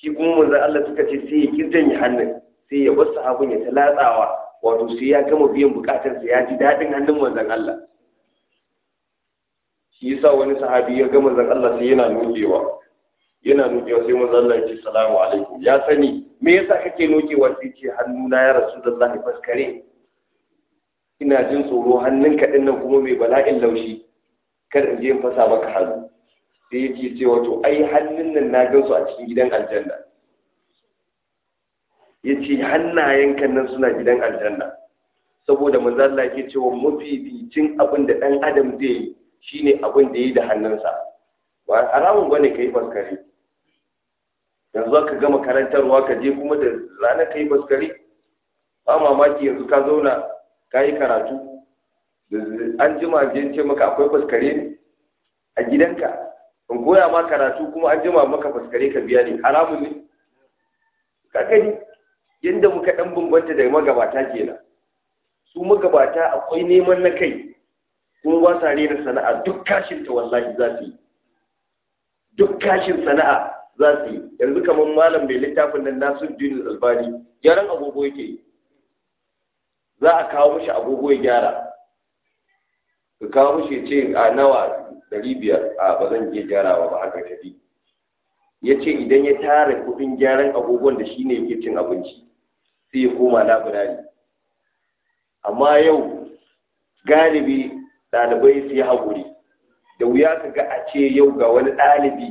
[SPEAKER 1] shi kuma manzon Allah suka ce sai ya kirjanye hannun sai ya wasu abin ya talatsawa wato sai ya gama biyan bukatarsa ya ji daɗin hannun manzon Allah shi yasa wani sahabi ya gama manzon Allah sai yana nokewa yana nokewa sai manzon Allah ya ce salamu alaikum ya sani me yasa kake nokewa sai ce hannuna ya ya faskare ina jin tsoro hannunka din nan kuma mai bala'in laushi kar in je in fasa maka hannu sai ya ce wato ai hannun nan na gansu a cikin gidan aljanna ya ce kannan suna gidan aljanna saboda Allah yake cewa mafificin abin da dan adam zai yi shine abin da ya yi da hannunsa ba haramun bane ka yi faskare yanzu ka gama karantarwa ka je kuma da ranar ka yi ba mamaki yanzu ka zauna ka yi karatu an jima je ce maka akwai baskare a gidanka in koya ma karatu kuma an jima maka baskare ka biya ne haramun ne ka gani yadda muka ɗan bambanta da magabata ke kenan su magabata akwai neman na kai kuma ba sa sana'a duk kashin ta wallahi za su yi duk kashin sana'a za su yi yanzu kamar malam mai littafin nan na, nasu dinin albani gyaran agogo yake za a kawo mishi agogo ya gyara ka kawo mishi ce a nawa ɗari biyar a ba zan je gyarawa ba haka tafi ya ce idan ya tara kuɗin gyaran agogon da shi shine yake cin abinci sai ya koma labirari amma yau galibi ɗalibai su yi haƙuri da wuya ka ga a ce yau ga wani ɗalibi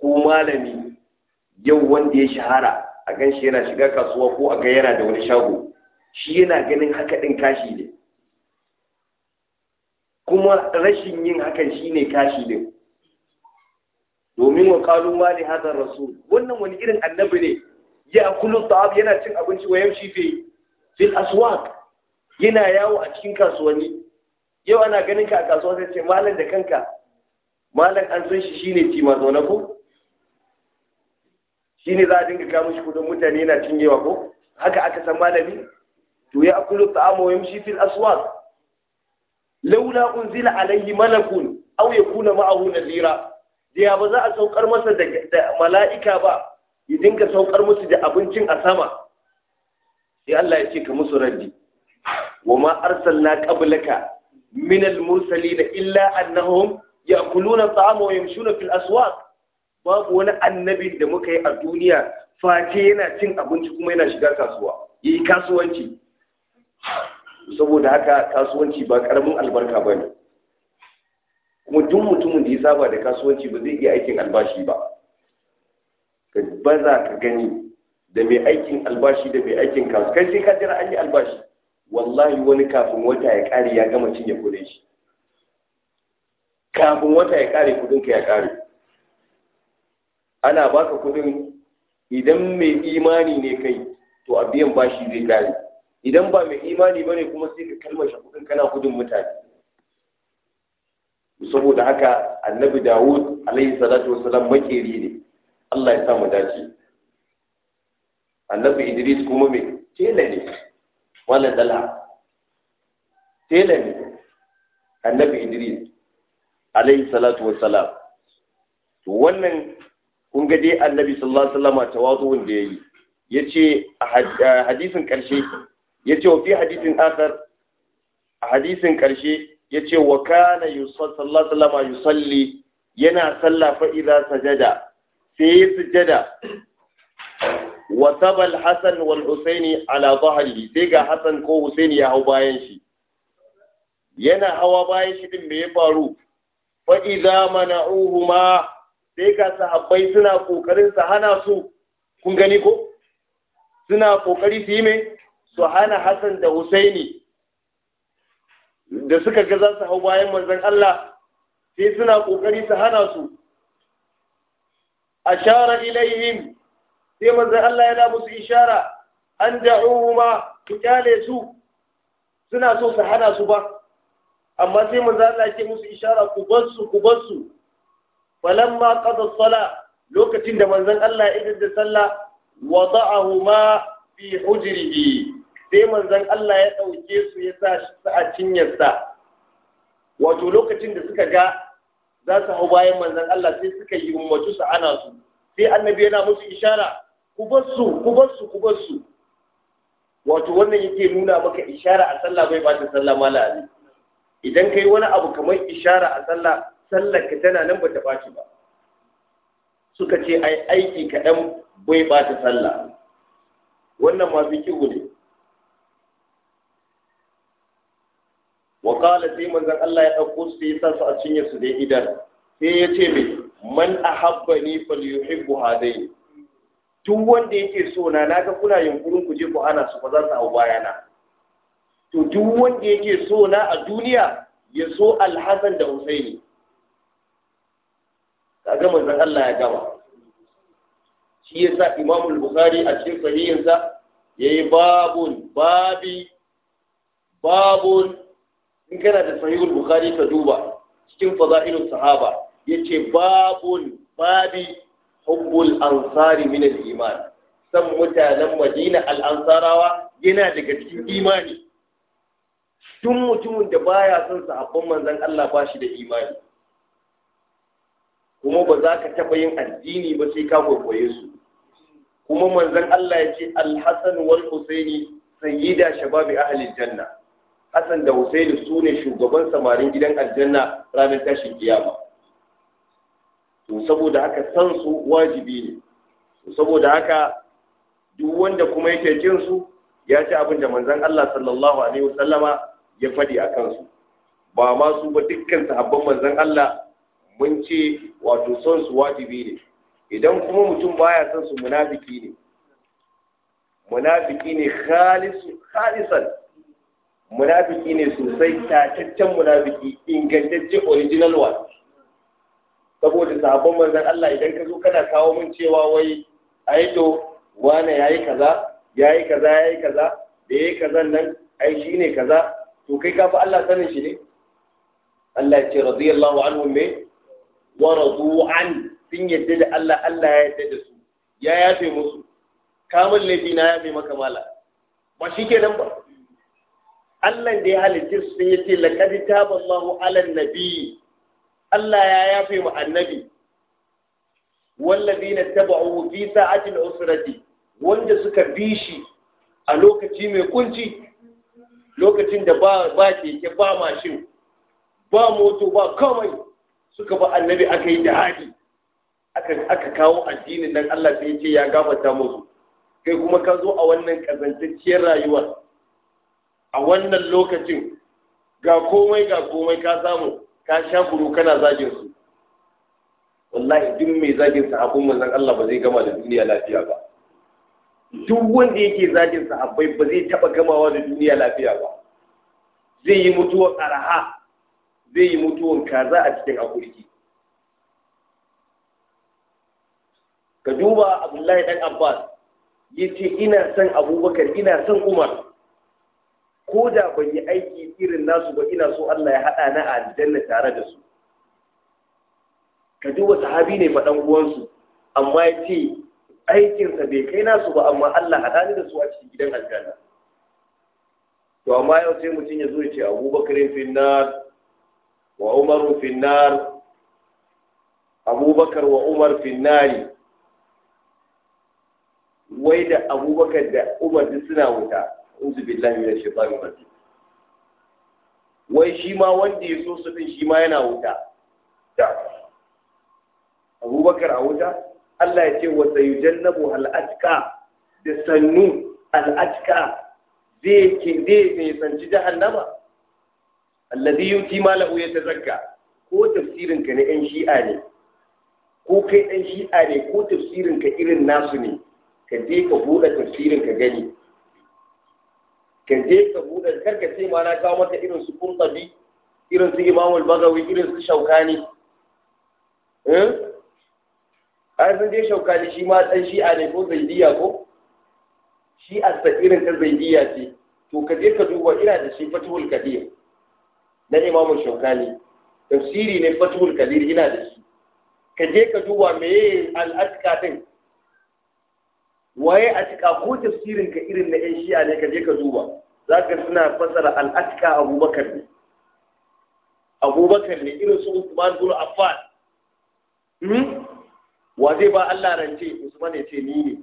[SPEAKER 1] ko malami yau wanda ya shahara a gan shi yana shiga kasuwa ko a ga yana da wani shago shi yana ganin haka ɗin kashi ne kuma rashin yin hakan shi ne kashi ne domin wa kalu ma hadar rasul wannan wani irin annabi ne ya kullu ta'ab yana cin abinci wa yamshi fi fil aswaq yana yawo a cikin kasuwanni yau ana ganin ka a kasuwa sai ce malam da kanka malam an san shi shine ci ma zaune ko shine za a dinga kamun shi kudin mutane yana cinyewa ko haka aka san malami to ya kullu ta'am wa yamshi fil aswaq laula unzila alayhi malakun aw yakuna ma'ahu nadira da ya ba za a saukar masa da mala'ika ba ya dinka saukar musu da abincin a sama sai Allah ya ce ka musu raddi wa ma arsalna qablaka min al-mursalin illa annahum ya'kuluna ta'ama wa yamshuna fil aswaq babu wani annabin da muka yi a duniya face yana cin abinci kuma yana shiga kasuwa yi kasuwanci saboda haka kasuwanci ba karamin albarka bane kuma duk mutumin da ya saba da kasuwanci ba zai iya aikin albashi ba ba baza ka gani da mai aikin albashi da mai aikin kasu kai sai ka jira an yi albashi wallahi wani kafin wata ya kare ya gama cinye kudin shi kafin wata ya kare kudin ka ya kare ana baka kudin idan mai imani ne kai to a biyan bashi zai kare idan ba mai imani bane kuma sai ka kalmar shi kudin kana kudin mutane saboda haka annabi dawud alaihi salatu wasalam makeri ne Allah ya sa mu dace annabi Idris kuma me tela ne wala dala tela ne annabi Idris alaihi salatu wa salam. to wannan kun ga dai annabi sallallahu alaihi wasallam tawazu'un da yayi yace a hadisin karshe yace wa fi hadisin akhar a hadisin karshe yace wa kana yusalli sallallahu alaihi wasallam yusalli yana sallah fa idza sajada sai yi sujjada wa sabal hasan wal husaini ala dhahrihi sai ga hasan ko husaini ya hau bayan shi yana hawa bayan shi din me ya faru fa idza mana'uhuma sai ga sahabbai suna kokarin su hana su kun gani ko suna kokari su yi mai su hana hasan da husaini da suka ga za su hau bayan manzon Allah sai suna kokari su hana su A ashara ilaihim sai manzon Allah yana musu ishara an da'uhuma ku kyale su suna so su hana su ba amma sai manzon Allah yake musu ishara ku bar su ku bar su falamma qada sala lokacin da manzon Allah ya da sallah wada'ahuma fi hujrihi sai manzon Allah ya ɗauke su ya sa shi a cinyarsa wato lokacin da suka ga za su hau bayan manzan Allah sai suka yi umarci su ana su sai annabi yana musu ishara ku bar su ku bar su ku bar su wato wannan yake nuna maka ishara a sallah bai ba ta sallah malami idan kai wani abu kamar ishara a sallah sallar ka tana nan ba ta baci ba suka ce ai aiki kaɗan bai ba ta sallah wannan ma fikihu ne wa kala sai manzon Allah ya dauko su sai sa su a cinye su dai idan sai ya ce mai man ni ahabbani falyuhibbu hadaini duk wanda yake so na naga kuna yunkurin ku je ku ana su ba za su hau bayana to duk wanda yake so na a duniya ya so alhassan da husaini kaga manzon Allah ya gama shi yasa Imam al-Bukhari a cikin sahihinsa yayi babun babi babun in kana da sahihul bukhari ka duba cikin fadailus sahaba yace babun babi hubbul ansari min al-iman san mutanen madina al-ansarawa yana daga cikin imani duk mutumin da baya son sahabban manzon Allah ba shi da imani kuma ba za ka taɓa yin addini ba sai ka kwaikwaye su kuma manzon Allah ya ce al-hasan wal husaini sayyida shababi ahli janna Hassan da Husaini su ne shugaban samarin gidan aljanna ranar tashin kiyama to saboda haka san su wajibi ne to saboda haka duk wanda kuma yake jin su ya ci abin da manzon Allah sallallahu alaihi wasallama ya fadi a kansu ba ma su ba dukkan sahabban manzon Allah mun ce wato son su wajibi ne idan kuma mutum baya son su munafiki ne munafiki ne khalisan munafiki ne sosai tataccen munafiki ingantacce original one saboda sabon manzan Allah idan ka zo kana kawo mun cewa wai ai to wane yayi kaza yayi kaza yayi kaza da yayi kaza nan ai shine kaza to kai ka fi Allah sanin shi ne Allah ya ce radiyallahu anhu me wa radu an sun yadda da Allah Allah ya yadda da su ya yafe musu kamun laifi na yafe maka mala ba shi kenan ba Allah da ya halitta su sun yace laqad ta Allahu 'ala an-nabi Allah ya yafe mu annabi wallazina taba fi sa'atil usrati wanda suka bi shi a lokaci mai kunci lokacin da ba ba keke ba mashin ba moto ba kawai suka ba annabi aka yi jihadi aka kawo addinin nan Allah sai ya ce ya gafarta musu kai kuma ka zo a wannan kazantacciyar rayuwar a wannan lokacin ga komai ga komai ka samu ka sha kuru kana zagin su wallahi duk mai zagin sahabban manzon Allah ba zai gama da duniya lafiya ba duk wanda yake zagin sahabbai ba zai taba gamawa da duniya lafiya ba zai yi mutuwar araha zai yi mutuwar kaza a cikin akurki ka duba abdullahi dan abbas ya ce ina son abubakar ina son umar ko da ban yi aiki irin nasu ba ina so Allah ya haɗa na aljanna tare da su ka duba sahabi ne faɗan uwansu amma ya ce aikinsa bai kai nasu ba amma Allah haɗa ni da su a cikin gidan aljanna to amma yau sai mutum ya zo ya ce abubakar finnar wa umar finnar abubakar wa umar finnari wai da abubakar da umar suna wuta uzu billahi min rajim wai shi ma wanda ya so su din shi ma yana wuta abubakar a wuta Allah ya ce wa sayujannabu al'adka da sannu al'adka zai ke zai nisanci jahannama alladhi yuti ma lahu yatazakka ko tafsirin ka na yan shi'a ne ko kai ɗan shi'a ne ko tafsirin ka irin nasu ne ka je ka buɗe tafsirin ka gani ka je ka buɗe kar ka ce ma na kawo maka irin su kuntabi irin su imamul bagawi irin su shaukani eh? an sun je shaukani shi ma ɗan a ne ko zaidiya ko Shi a sa irin ta zaidiya ce to ka je ka duba ina da shi fatihul kadir na imamul shaukani tafsiri ne fatihul kadir ina da shi ka je ka duba meye al'atka din waye atika ko tafsirin ka irin na ƴan shi'a ne ka je ka duba zaka suna fasara al abubakar ne abubakar ne irin su usman bin affan hmm wa zai ba Allah rance usman ya ce ni ne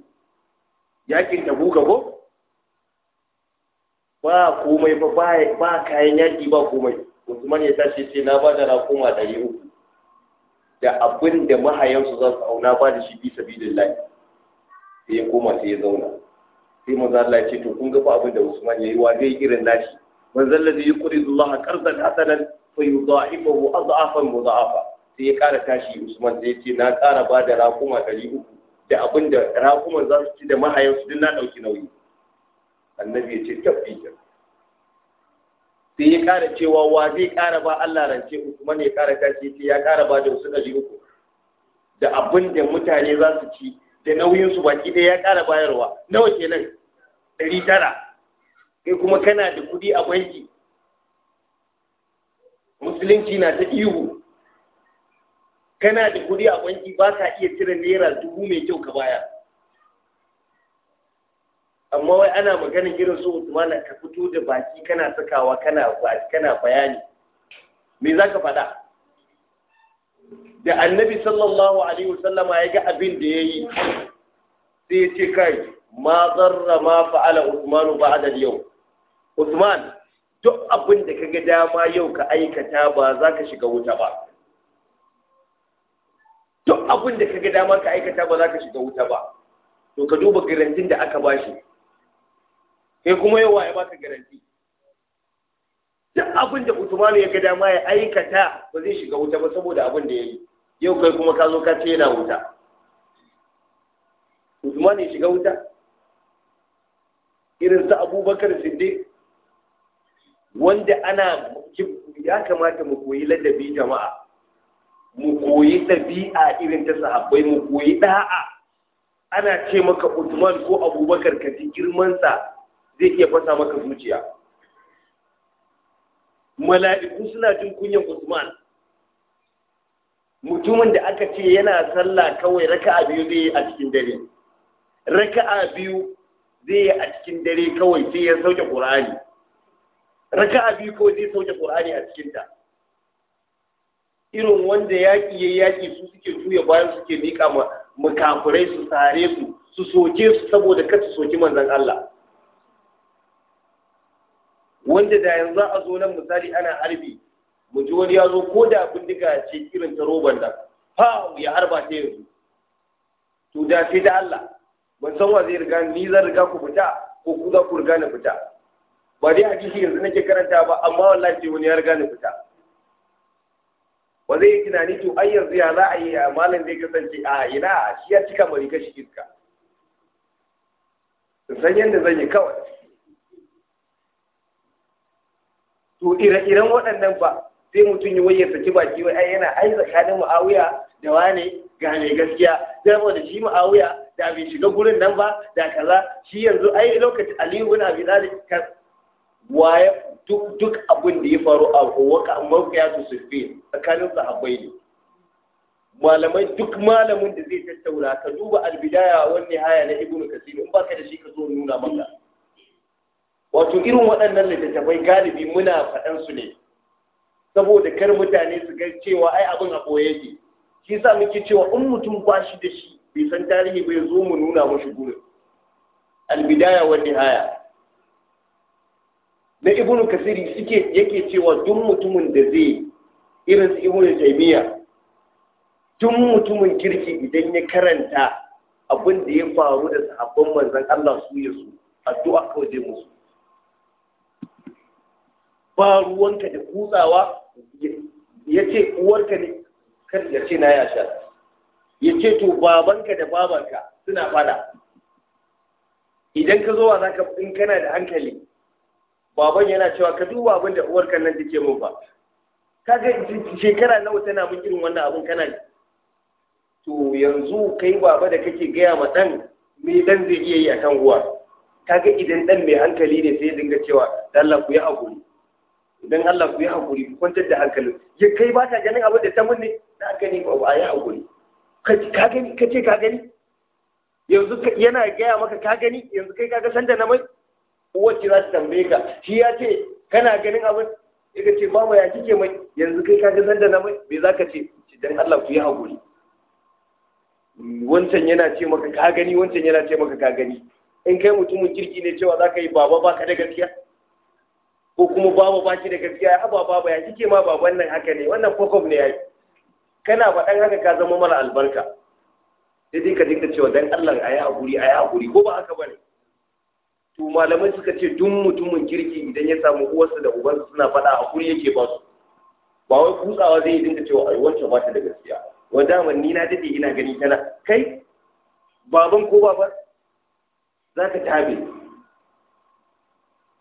[SPEAKER 1] yakin buka ko ba komai ba ba kayan yaki ba komai usman ya tashi ce na ba da rakuma 300 da abin da mahayansu za su auna ba da shi bi sabilillahi sai ya koma sai ya zauna sai manzo Allah ya ce to kun ga fa abin da Usman yayi wa zai irin nashi man zallazi yuqri Allah qardan hasanan fa yudha'ifahu adha'afan mudha'afa sai ya kara tashi Usman sai ya ce na kara ba da rakuma 300 da abin da rakuman za su ci da su din na dauki nauyi annabi ya ce tabbikin sai ya kara cewa wa zai kara ba Allah rance Usman ya kara tashi ya ce ya kara ba da wasu 300 da abin da mutane za su ci da nauyin su baki ɗaya ya ƙara bayarwa nawa kenan ɗari tara kai kuma kana da kuɗi a banki musulunci na ta ihu kana da kuɗi a banki ba ka iya cire naira dubu mai kyau ka baya amma wai ana maganin irin su usmana ka fito da baki kana sakawa kana kana bayani me za ka faɗa da annabi sallallahu alaihi wasallama ya ga abin da ya yi sai ya ce kai ma zarra ma fa'ala usmanu ba ba'da yau usman duk abin da ga dama yau ka aikata ba za ka shiga wuta ba duk abin da ga dama ka aikata ba za ka shiga wuta ba to ka duba garantin da aka bashi kai kuma yawa ya baka garanti duk abin da usmanu ya ga dama ya aikata ba zai shiga wuta ba saboda abin da ya yi yau kai kuma ka zo ka ce yana wuta Usman ya shiga wuta irin su Abubakar Sinde? wanda ana ya kamata mu koyi ladabi jama'a mu koyi ɗabi'a irin ta sahabbai mu koyi ɗa'a? ana ce maka Usman ko Abubakar ka ji girmansa zai iya fasa maka zuciya mala'iku suna jin kunyan Usman mutumin da aka ce yana sallah kawai raka'a biyu zai yi a cikin dare raka'a biyu zai yi a cikin dare kawai sai ya sauke qur'ani raka'a biyu kawai zai sauke qur'ani a cikin ta irin wanda yaƙi ya yaƙi su suke tuya bayan suke mika ma makafurai su sare su su soke su saboda kar su soki manzon Allah wanda da yanzu a zo nan misali ana harbi mu ji wani ya zo ko da bindiga ce irin ta roban da ha ya harba ta yanzu to da sai da Allah ban san wa zai riga ni zan riga ku fita ko ku za ku riga ni fita ba dai hadisi yanzu nake karanta ba amma wallahi sai wani ya riga ni fita ba zai yi tunani to ai yanzu ya za a yi a malam zai kasance a ina shi ya cika mari kashi iska san yadda zan yi kawai to ire-iren waɗannan ba sai mutum ya waye saki baki wai ai yana ai tsakanin muawiya da wane ga mai gaskiya da shi muawiya da bai shiga gurin nan ba da kaza shi yanzu ai lokaci aliyu ibn abi talib kan waye duk duk abin da ya faru a waka ya su sufi tsakanin sahabbai ne malamai duk malamin da zai tattauna ka duba albidaya wan nihaya na ibnu kasir in baka da shi ka zo nuna maka wato irin waɗannan littattafai galibi muna faɗan su ne saboda kar mutane su ga cewa ai abin a boye ne shi yasa muke cewa in mutum ba shi da shi bai san tarihi bai zo mu nuna mashi gurin albidaya wa nihaya na ibnu kasiri suke yake cewa duk mutumin da zai irin su ibnu taymiya duk mutumin kirki idan ya karanta abin da ya faru da sahabban manzon Allah su yi su addu'a kawai zai musu ba ruwanka da kutsawa ya ce uwarka ne kar ya ce na ya sha ya ce to babanka da babanka suna fada idan ka zo wa za ka in kana da hankali baban yana cewa ka duba abin da uwarka nan take mun ba kaga shekara nawa tana mun irin wannan abin kana ne to yanzu kai baba da kake gaya ma dan me dan zai iya yi akan uwa kaga idan dan mai hankali ne sai ya dinga cewa Allah ku yi hakuri Idan Allah ku yi hakuri ku kwantar da hankalin ya kai ba ta ganin abin da ta mun ne na gani ba a yi hakuri ka gani ka ce ka gani yanzu yana gaya maka ka gani yanzu kai ka ga sanda na mai wacce za ta tambaye ka shi ya ce kana ganin abin ya ce mama ya kike mai yanzu kai ka ga sanda na mai me za ka ce Idan Allah ku yi hakuri wancan yana ce maka ka gani wancan yana ce maka ka gani in kai mutumin kirki ne cewa za ka yi baba ba ka da gaskiya ko kuma baba ba shi da gaskiya haba baba ya cike ma baban nan haka ne wannan kokob ne yi kana faɗan haka ka zama mara albarka sai dai ka dinka cewa dan Allah ayi hakuri yi hakuri ko ba haka ne? to malamai suka ce duk mutumin kirki idan ya samu uwarsa da ubansa suna faɗa hakuri yake ba su ba wai kutsawa zai dinka cewa yi wancan ba ta da gaskiya wanda daman ni na dade ina gani tana kai baban ko baban? Za ka tabe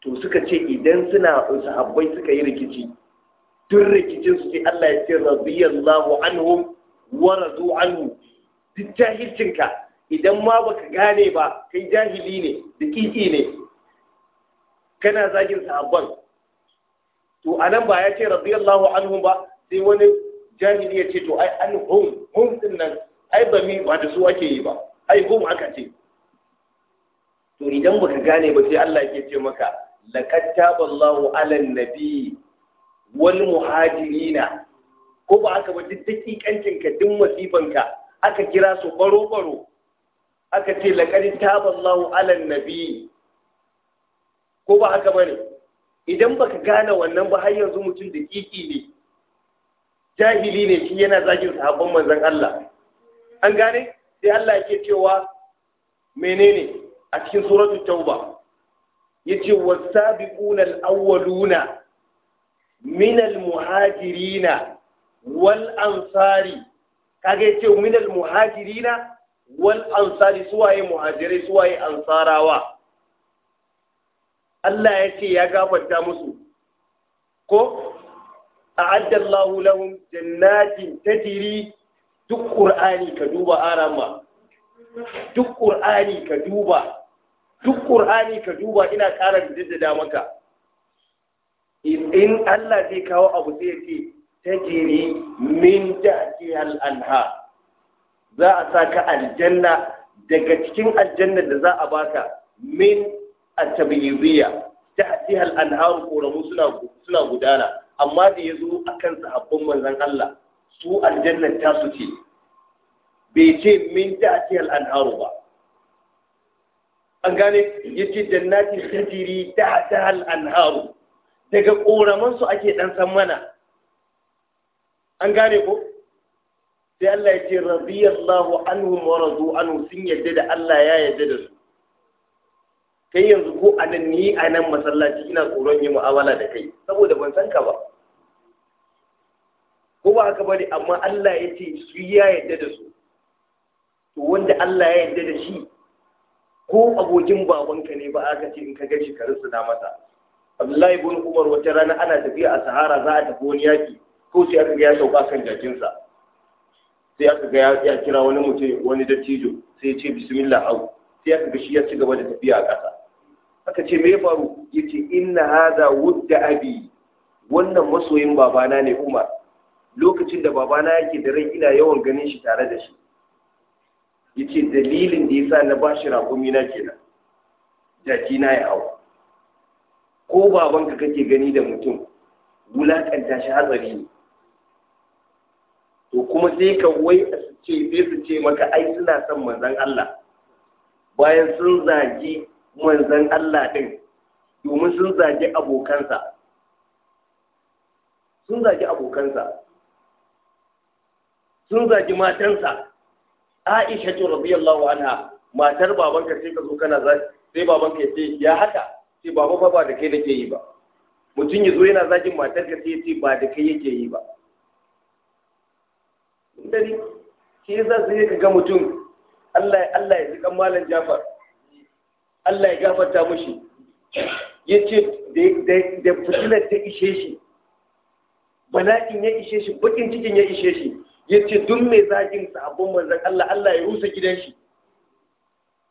[SPEAKER 1] to suka ce idan suna sahabbai suka yi rikici tun rikicin su sai Allah ya ce radiyallahu anhu wa radu anhu duk jahilcinka idan ma baka gane ba kai jahili ne dakiki ne kana zagin sahabban to anan ba ya ce radiyallahu Anhu ba sai wani jahili ya ce to ai anhum hum din nan ai ba mi ba da su ake yi ba ai hum aka ce to idan baka gane ba sai Allah yake ce maka laqad taballahu ala nabi wal muhajirina ko ba aka ba duk dakikancin ka duk masifanka aka kira su baro baro aka ce laqad taballahu ala nabi ko ba haka bane idan baka gane wannan ba har yanzu mutum da kiki ne jahili ne shi yana zagin sahabban manzon Allah an gane sai Allah yake cewa menene a cikin suratul tauba yace wasabiquna alawwaluna min almuhajirina wal ansari kage yace min almuhajirina wal ansari suwaye muhajirai suwaye ansarawa Allah yace ya gafarta musu ko a'adda Allahu lahum jannatin tajri duk qur'ani ka duba arama duk qur'ani ka duba duk ƙur'ani ka duba ina ƙara jaddada maka in Allah zai kawo abu zai ce tajiri min tahtiha al-anha za a saka aljanna daga cikin aljanna da za a baka min at-tabyidiyya tahtiha al-anhar ƙoramu suna gudana amma da yazo kan sahabban manzon Allah su aljanna ta su ce bai ce min tahtiha al-anhar ba an gane yace jannatin tajri ta tahal anharu daga koraman su ake dan san mana an gane ko sai Allah ya ce radiyallahu anhum wa radu anhu sun yadda da Allah ya yadda da su kai yanzu ko anan ni anan masallaci ina tsoron yi mu'amala da kai saboda ban san ka ba ko ba haka bane amma Allah ya ce su ya yadda da su to wanda Allah ya yadda da shi ko abokin babanka ne ba aka ce in ka gaji ka na masa abdullahi ibn umar wata rana ana tafiya a sahara za a tafi wani yaki ko sai aka ya sauka kan jakinsa sai aka ga ya kira wani mutum wani dattijo sai ya ce bismillah au sai aka ga shi ya ci gaba da tafiya a ƙasa aka ce me ya faru ya ce inna hadha wudda abi wannan masoyin babana ne umar lokacin da babana yake da rai ina yawan ganin shi tare da shi yace dalilin da yasa na bashi raƙumi na kenan jaki na ya hau ko babanka kake gani da mutum wulakanta shi hatsari ne to kuma sai ka wai ce sai su ce maka ai suna son manzon Allah bayan sun zagi manzon Allah din domin sun zagi abokansa sun zagi abokansa sun zagi matansa Aisha ce radiyallahu anha matar babanka sai ka zo kana zaki sai babanka ya ce ya haka sai baba fa ba da kai nake yi ba mutum ya zo yana zakin matar ka sai ya ce ba da kai yake yi ba dare shi yasa sai ka ga mutum Allah Allah ya kan malam Jafar Allah ya gafarta mushi yace da da fitilar ta ishe shi bala'in ya ishe shi bakin cikin ya ishe shi ya ce duk mai zagin sahabban manzan Allah Allah ya rusa gidan shi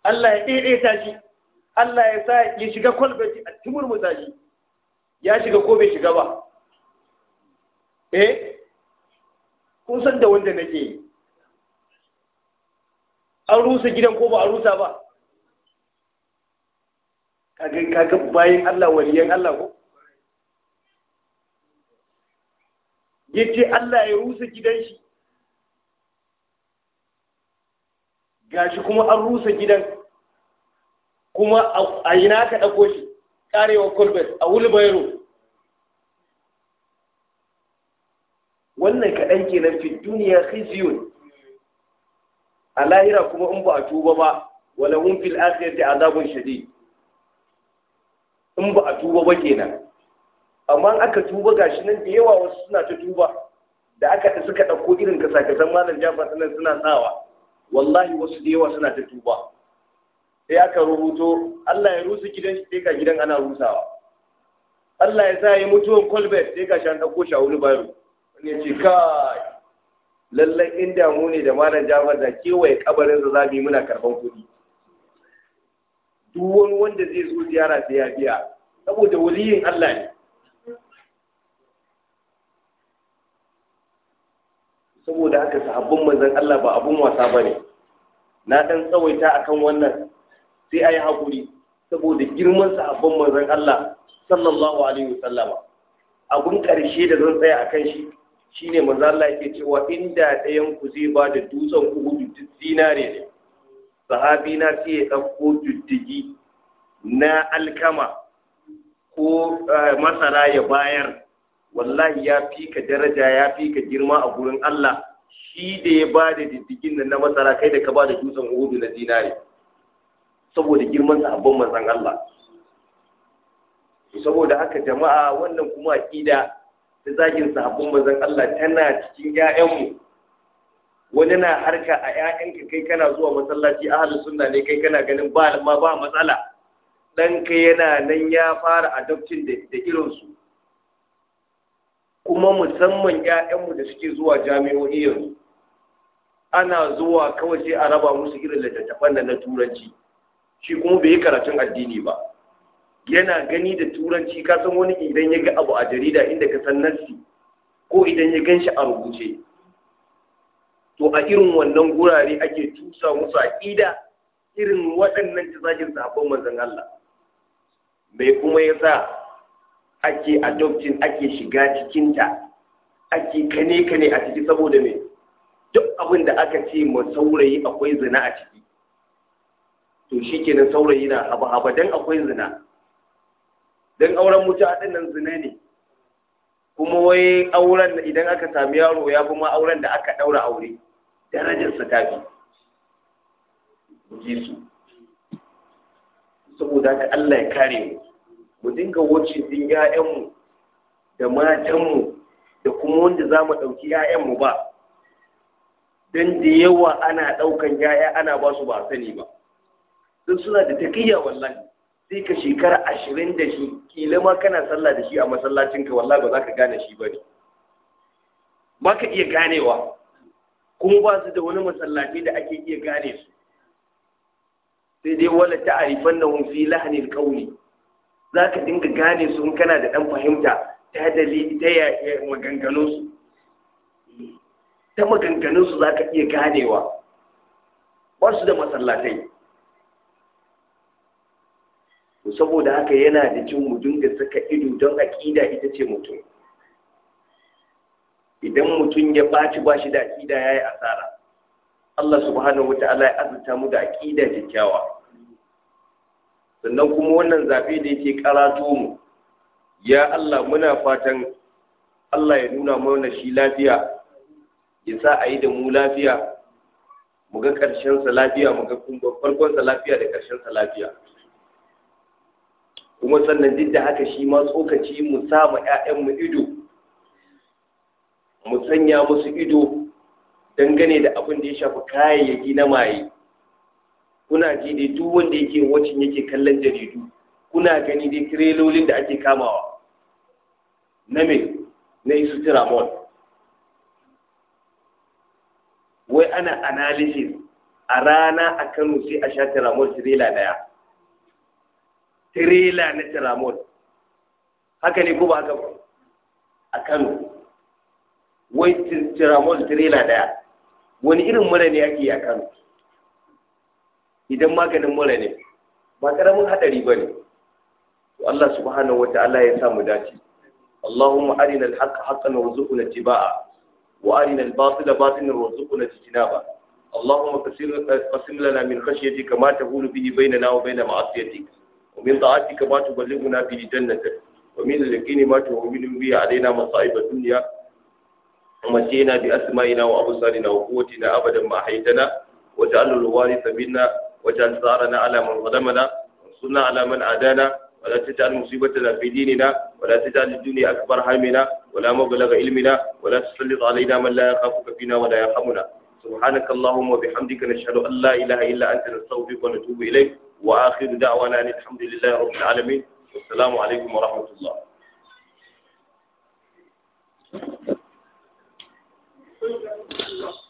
[SPEAKER 1] Allah ya daidaita shi Allah ya sa ya shiga kwalbati a timur mutaji ya shiga ko bai shiga ba eh kun san da wanda nake yi an rusa gidan ko ba a rusa ba kaga bayan Allah waliyan Allah ko yace Allah ya rusa gidan shi gashi kuma an rusa gidan kuma a ina ka ɗauko shi ƙarewa kulbet a wulbairo wannan kaɗan kenan fi duniya khizyun a lahira kuma in ba a tuba ba wala hun fil akhirati azabun shadid in ba a tuba ba kenan amma aka tuba gashi nan da yawa wasu suna ta tuba da aka suka ɗauko irin kasa-kasan malam jafar nan suna sawa wallahi wasu da yawa suna ta tuba sai aka rubuto Allah ya rusa gidan shi sai ka gidan ana rusawa Allah ya sa ya mutuwan Colbert sai ka shan dauko Shawulu bayo. wani ya ce kai lallai in mu ne da malam Jafar da kewaye kabarin za mu yi muna karban kuɗi duk wani wanda zai zo ziyara sai ya biya saboda waliyin Allah ne saboda haka sahabban manzon Allah ba abun wasa bane na ɗan tsawaita akan wannan sai a yi hakuri saboda girman sahabban manzon Allah sallallahu alaihi wasallama abun karshe da zan tsaya akan shi shine manzon Allah yake cewa inda ɗayan ku zai ba da dutsen hudu dinare ne sahabi na sai ya ɗauko diddigi na alkama ko eh, masara ya bayar wallahi ya fi ka daraja ya fi ka girma a gurin Allah shi da ya ba da diddigin nan na masara kai da ka ba da dutsen uhudu na dinari saboda girman sahabban manzon Allah saboda haka jama'a wannan kuma aƙida ta zagin sahabban manzon Allah tana cikin ƴaƴanmu wani na harka a ƴaƴanka kai kana zuwa masallaci ahlus sunna ne kai kana ganin ba ma ba matsala ɗanka yana nan ya fara adoptin da irinsu kuma musamman ‘ya'yanmu da suke zuwa jami'o'i yanzu ana zuwa kawai sai a raba musu irin littattafan da na turanci shi kuma bai yi karatun addini ba yana gani da turanci ka san wani idan ya ga abu a jarida inda ka san nassi ko idan ya gan shi a rubuce to a irin wannan gurare ake tusa musu aƙida irin waɗannan tazajin sahabban manzan Allah bai kuma ya sa ake adoptin ake shiga cikinta ake kane kane a ciki saboda me duk abin da aka ce ma saurayi akwai zina a ciki to shi kenan saurayi na haba haba dan akwai zina dan auren mutu a nan zina ne kuma wai auren idan aka sami yaro ya fi ma auren da aka daura aure darajarsa ta fi ji su saboda haka Allah ya kare mu mu dinga wuce din ‘ya'yanmu da matanmu da kuma wanda za mu ɗauki ‘ya'yanmu ba don da yawa ana ɗaukan ‘ya'ya ana ba su ba sani ba duk suna da takiyya wallahi sai ka shekara ashirin da shi kila ma kana sallah da shi a masallacinka wallahi ba za ka gane shi ba ne ba ka iya ganewa kuma ba su da wani masallaci da ake iya gane su sai dai wala ta'arifan nahum fi lahnil qawli za ka dinga gane su in kana da ɗan fahimta ta dalili ta yaya maganganunsu ta maganganunsu za ka iya ganewa ba su da masallatai saboda haka yana da jin mu dinga saka ido don aƙida ita ce mutum idan mutum ya ɓaci bashi da aƙida ya yi asara Allah subhanahu wa ta'ala ya azurta mu da aƙida kyakkyawa sannan kuma wannan zafi da yake karato mu ya Allah muna fatan Allah ya nuna mana shi lafiya ya sa a yi da mu lafiya mu ga sa lafiya mu ga farkon sa lafiya da sa lafiya kuma sannan duk da haka shi ma tsokaci mu sa ma 'ya'yan ido mu sanya musu ido dangane da abin da ya shafi kayayyaki na maye kuna ji dai duk wanda yake wacin yake kallon jaridu kuna gani dai tirelolin da ake kamawa na me na isu tiramon? wai ana analysis a rana a kano sai a sha tiramon tirela daya tirela na tiramon? haka ne ko ba haka ba a kano wai tiramon tirela daya wani irin mura ne ake yi a kano idan maganin mura ne ba karamin hadari ba ne Allah subhanahu wa ta'ala ya samu dace Allahumma arina al-haqqa haqqan warzuqna ittiba'a wa arina al-batila batilan warzuqna ijtinaba Allahumma qasim lana min khashyatika ma tahulu bihi bainana wa bain ma'asiyatik wa min ta'atika ma tuballighuna bihi jannatak wa min al-yaqini ma tuhawwilu bihi alaina masa'ib ad-dunya ومتينا بأسمائنا وأبصارنا وقوتنا أبدا ما حيتنا وجعل الوارث منا واجعل ثارنا على من ظلمنا وانصرنا على من عادانا ولا تجعل مصيبتنا في ديننا ولا تجعل الدنيا أكبر همنا ولا مبلغ علمنا ولا تسلط علينا من لا يخافك فينا ولا يرحمنا سبحانك اللهم وبحمدك نشهد أن لا إله إلا أنت نستغفرك ونتوب إليك وآخر دعوانا أن الحمد لله رب العالمين والسلام عليكم ورحمة الله Thank you.